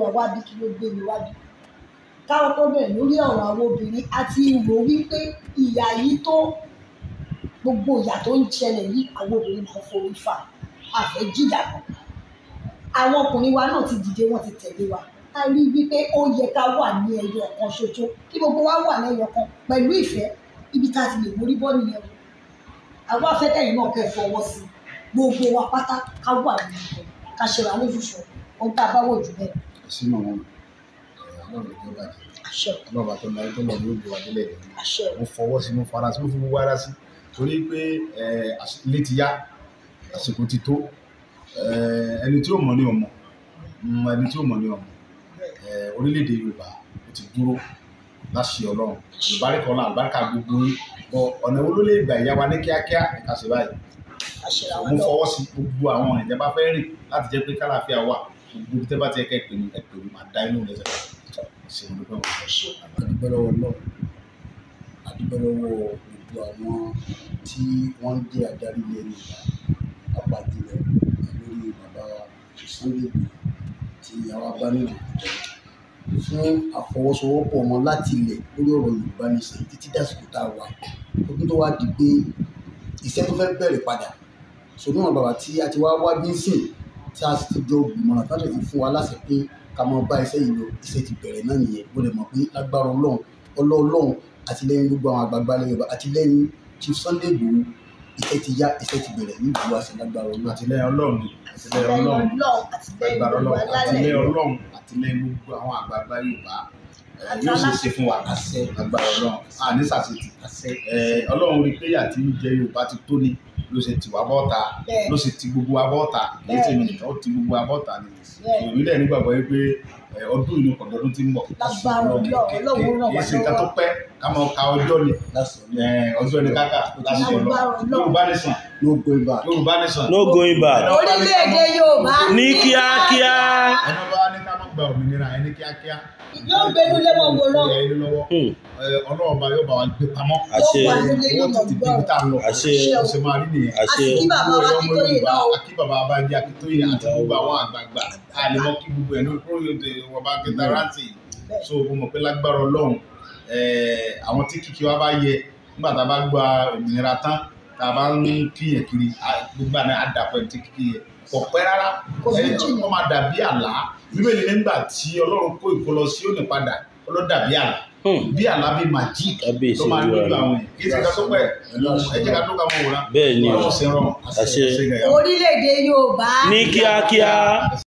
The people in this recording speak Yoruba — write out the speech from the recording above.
wà wábi kí ló gbé mi wábi. Káwọn tó bẹ̀rẹ̀ lórí ọ̀rọ̀ àwọn obìnrin àti ìwò wípé ìyà yìí tó gbogbo ìyà tó ń ṣẹlẹ̀ yìí àwọn obìnrin máa ń forí fà àfẹ́ jìyà kan. Àwọn ọkùnrin wa náà ti dìde wọ́n ti tẹ̀lé wa. A rí wípé ó yẹ ká wà ní ẹyọ kan ṣoṣo kí gbogbo wa wà lẹ́yọ kan pẹ̀lú ìfẹ́ ibi tá a ti lè mórí bọ́ nìyẹn. Àwọn afẹ́tẹ̀yìn náà kẹ́ fọwọ́ sí gbogbo wa pátá ká wà nínú ká ṣe wà lójúṣọ ohun tá a bá wọ̀ jù bẹ́ẹ̀ sínú wọn ọlọ́ọ̀bà tó láyé tó lọ ní òbí wa délẹ̀ mo fọwọ́ sí mo fara sí mo fi gbogbo ara sí torí pé ilé ti yá àsìkò ti tó ẹni tí ó mọ̀ ní ọmọ mm, ẹni tí ó mọ̀ ní ọmọ orílẹ̀-èdè Yorùbá ó ti dúró láṣẹ Ọlọ́run ìbáríkọ náà àbáríkà gbogbo ọ ọ̀nà wo ló lè gbà ìyá wa ní kíákíá ìkàsí báyìí mo fọwọ́ sí gbogbo àwọn ìjọba fẹ́ rìn láti jẹ́ pé kálàáfíà gbogbo tẹ́ bá ti ẹ̀ka ìpè mi ẹ̀pè mi máa dá inú rẹ̀ sẹ́yìn ṣe mo dúpẹ́ wọn. àdúgbò lọ́wọ́ náà àdúgbò lọ́wọ́ gbogbo àwọn tí wọ́n jẹ́ adarí ilé Yorùbá pàápàá jùlọ lórí bàbá Sunday tí àwa bá nínú fún àfọwọ́sowọ́pọ̀ wọn láti ilẹ̀ lórí ọ̀rọ̀ Yorùbá nìṣẹ́ títí dásìkò tá a wà ọdún tó wá di pé iṣẹ́ tó fẹ́ bẹ̀rẹ̀ padà sọdún àwọn tí a ti wá wá bí ń sìn tí a sì ti jọ gbìmọ̀ràn tá a lè fi fún wa láṣẹ pé ká máa bá iṣẹ́ yìí lọ iṣẹ́ ti bẹ̀rẹ̀ náà nìyẹn mo lè mọ̀ pé lágbára ọlọ́run ọlọ́ọ̀lọ́run àtìlẹ́yìn gbogbo àwọn àgbààgbà lẹ́yìn ọba àtìlẹ́yìn Chief Sunday Igboho iṣẹ́ ti yá iṣẹ́ ti bẹ̀rẹ̀ ní ìlú àṣẹ lágbára ọlọ́run. àtìlẹ́yìn ọlọ́run àtìlẹ́yìn ọlọ́run àtìlẹ́yìn gbogbo àwọn àgbààgbà Yorùbá yóò ṣe ṣe fún wa agbára ọlọ́run a ní sàṣetì ọlọ́run orí péyà tí ń jẹ yorùbá ti tó ni ló ṣe tì wá bọ́ta ló ṣe ti gbogbo wa bọ́ta èyí tí èmi nìkan ó ti gbogbo wa bọ́ta ni ìrìnlẹ̀ nígbàgbọ́ yìí pé ọdún ìlú kọ̀dọ̀dún ti ń bọ̀ èyí ṣe tó pẹ́ ká máa ka ọjọ́ ni ọjọ́ ni káka lásìkò lọ Yorùbá nation Yorùbá nation ní kíá kíákíá. yóò gbẹnu lẹ́mọ̀ wò náà. ìyá inú lọ́wọ́ hmm. ọlọ́run bá yóò bá wa gbé pamọ́. àṣẹ wọ́n ti ti débi tá a lọ. àṣẹ ọ̀sẹ̀ máa rí nìyẹn. àṣẹ àti bàbá wa kí tó yè náà. àti bàbá wa di Akíntóyè hmm. àti gbogbo àwọn àgbààgbà àlèmọ́ kí gbogbo ẹ̀ ní kúròyìnbó wọn bá kẹta hmm. rántí. so mo mọ̀ pé lágbára ọlọ́run àwọn tí kìkì wa bá yẹ nígbà tá a bá gba òmìnira tán tá a bá ń kíyàn kiri gbogbo àná àdàpọ̀ ẹ̀ ti kiri yẹn kò pẹ́ rárá ẹ̀yìn tí wọ́n máa dàbí àlá bíbélì nígbà tí ọlọ́run kó ìkó lọ sí òní padà ọlọ́dàbí àlá hmm. bí àlá bí magic tó máa ń lójú àwọn yìí kí ẹ ti ká tó pẹ́ ẹ jẹ́ ká tó ká mọ̀ bẹ́ẹ̀ ni orílẹ̀-èdè Yorùbá ní kíákíá.